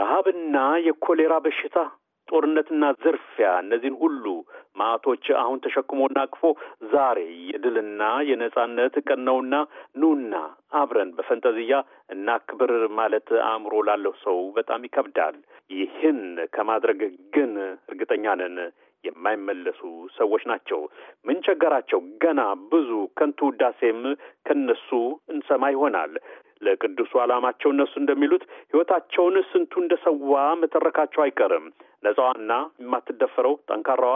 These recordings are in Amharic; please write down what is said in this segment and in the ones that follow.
ረሃብና የኮሌራ በሽታ ጦርነትና ዝርፊያ እነዚህን ሁሉ ማቶች አሁን ተሸክሞና አቅፎ ዛሬ የድልና የነጻነት ቀን ነውና ኑና አብረን በፈንጠዝያ እናክብር ማለት አእምሮ ላለው ሰው በጣም ይከብዳል። ይህን ከማድረግ ግን እርግጠኛ ነን የማይመለሱ ሰዎች ናቸው። ምን ቸገራቸው? ገና ብዙ ከንቱ ውዳሴም ከነሱ እንሰማ ይሆናል። ለቅዱሱ ዓላማቸው እነሱ እንደሚሉት ሕይወታቸውን ስንቱ እንደሰዋ መተረካቸው አይቀርም። ነፃዋና የማትደፈረው ጠንካራዋ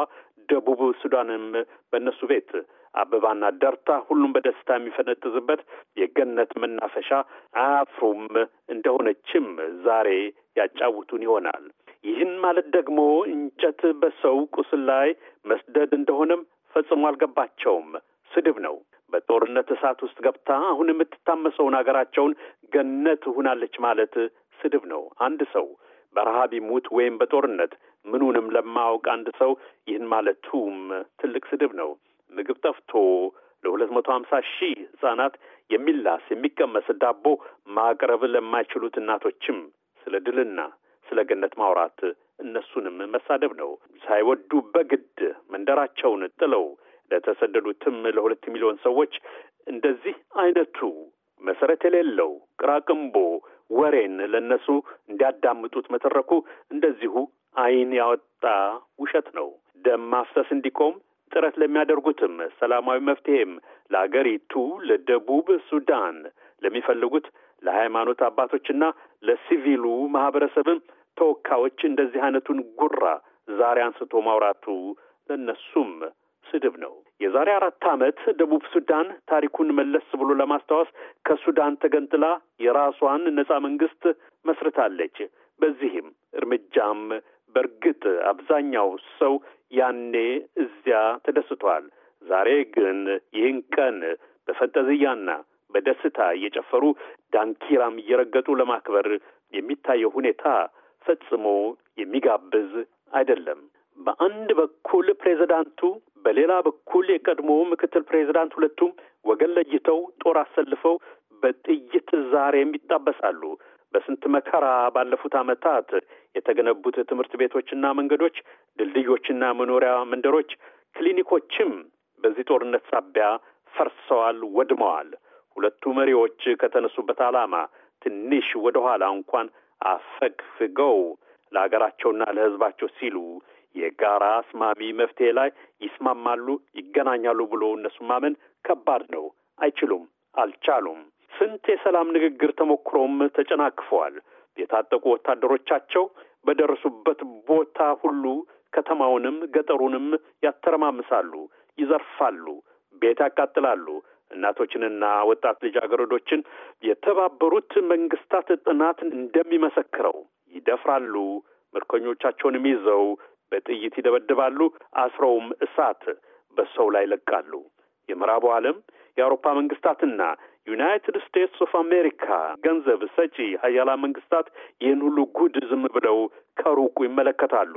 ደቡብ ሱዳንም በእነሱ ቤት አበባና ደርታ ሁሉም በደስታ የሚፈነጥዝበት የገነት መናፈሻ አያፍሩም እንደሆነችም ዛሬ ያጫውቱን ይሆናል። ይህን ማለት ደግሞ እንጨት በሰው ቁስል ላይ መስደድ እንደሆነም ፈጽሞ አልገባቸውም። ስድብ ነው። በጦርነት እሳት ውስጥ ገብታ አሁን የምትታመሰውን አገራቸውን ገነት ሆናለች ማለት ስድብ ነው። አንድ ሰው በረሃብ ይሙት ወይም በጦርነት ምኑንም ለማወቅ አንድ ሰው ይህን ማለቱም ትልቅ ስድብ ነው። ምግብ ጠፍቶ ለሁለት መቶ ሀምሳ ሺህ ህጻናት የሚላስ የሚቀመስ ዳቦ ማቅረብ ለማይችሉት እናቶችም ስለ ድልና ስለ ገነት ማውራት እነሱንም መሳደብ ነው። ሳይወዱ በግድ መንደራቸውን ጥለው ለተሰደዱትም ለሁለት ሚሊዮን ሰዎች እንደዚህ አይነቱ መሰረት የሌለው ቅራቅንቦ ወሬን ለነሱ እንዲያዳምጡት መተረኩ እንደዚሁ አይን ያወጣ ውሸት ነው። ደም ማፍሰስ እንዲቆም ጥረት ለሚያደርጉትም ሰላማዊ መፍትሄም ለአገሪቱ ለደቡብ ሱዳን ለሚፈልጉት ለሃይማኖት አባቶችና ለሲቪሉ ማህበረሰብም ተወካዮች እንደዚህ አይነቱን ጉራ ዛሬ አንስቶ ማውራቱ ለነሱም። ስድብ ነው። የዛሬ አራት ዓመት ደቡብ ሱዳን ታሪኩን መለስ ብሎ ለማስታወስ ከሱዳን ተገንጥላ የራሷን ነጻ መንግስት መስርታለች። በዚህም እርምጃም በእርግጥ አብዛኛው ሰው ያኔ እዚያ ተደስቷል። ዛሬ ግን ይህን ቀን በፈንጠዝያና በደስታ እየጨፈሩ ዳንኪራም እየረገጡ ለማክበር የሚታየው ሁኔታ ፈጽሞ የሚጋብዝ አይደለም። በአንድ በኩል ፕሬዚዳንቱ በሌላ በኩል የቀድሞ ምክትል ፕሬዚዳንት ሁለቱም ወገን ለይተው ጦር አሰልፈው በጥይት ዛሬም ይጣበሳሉ። በስንት መከራ ባለፉት ዓመታት የተገነቡት ትምህርት ቤቶችና መንገዶች፣ ድልድዮችና መኖሪያ መንደሮች፣ ክሊኒኮችም በዚህ ጦርነት ሳቢያ ፈርሰዋል፣ ወድመዋል። ሁለቱ መሪዎች ከተነሱበት ዓላማ ትንሽ ወደ ኋላ እንኳን አፈግፍገው ለሀገራቸውና ለሕዝባቸው ሲሉ የጋራ አስማሚ መፍትሄ ላይ ይስማማሉ፣ ይገናኛሉ ብሎ እነሱ ማመን ከባድ ነው። አይችሉም፣ አልቻሉም። ስንት የሰላም ንግግር ተሞክሮም ተጨናክፈዋል። የታጠቁ ወታደሮቻቸው በደረሱበት ቦታ ሁሉ ከተማውንም ገጠሩንም ያተረማምሳሉ፣ ይዘርፋሉ፣ ቤት ያቃጥላሉ። እናቶችንና ወጣት ልጃገረዶችን የተባበሩት መንግስታት ጥናት እንደሚመሰክረው ይደፍራሉ። ምርኮኞቻቸውንም ይዘው በጥይት ይደበድባሉ፣ አስረውም እሳት በሰው ላይ ይለቃሉ። የምዕራቡ ዓለም የአውሮፓ መንግስታትና ዩናይትድ ስቴትስ ኦፍ አሜሪካ ገንዘብ ሰጪ ሀያላ መንግስታት ይህን ሁሉ ጉድ ዝም ብለው ከሩቁ ይመለከታሉ።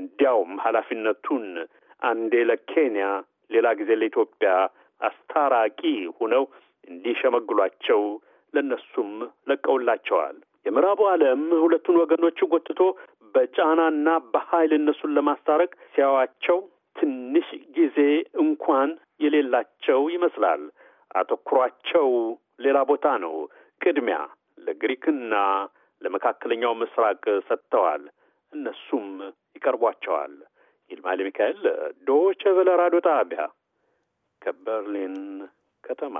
እንዲያውም ኃላፊነቱን አንዴ ለኬንያ ሌላ ጊዜ ለኢትዮጵያ አስታራቂ ሆነው እንዲሸመግሏቸው ለእነሱም ለቀውላቸዋል። የምዕራቡ ዓለም ሁለቱን ወገኖች ጎትቶ በጫናና በኃይል እነሱን ለማስታረቅ ሲያዋቸው ትንሽ ጊዜ እንኳን የሌላቸው ይመስላል። አተኩሯቸው ሌላ ቦታ ነው። ቅድሚያ ለግሪክና ለመካከለኛው ምስራቅ ሰጥተዋል። እነሱም ይቀርቧቸዋል። ይልማ ሚካኤል ዶቼ ቬለ ራዲዮ ጣቢያ ከበርሊን ከተማ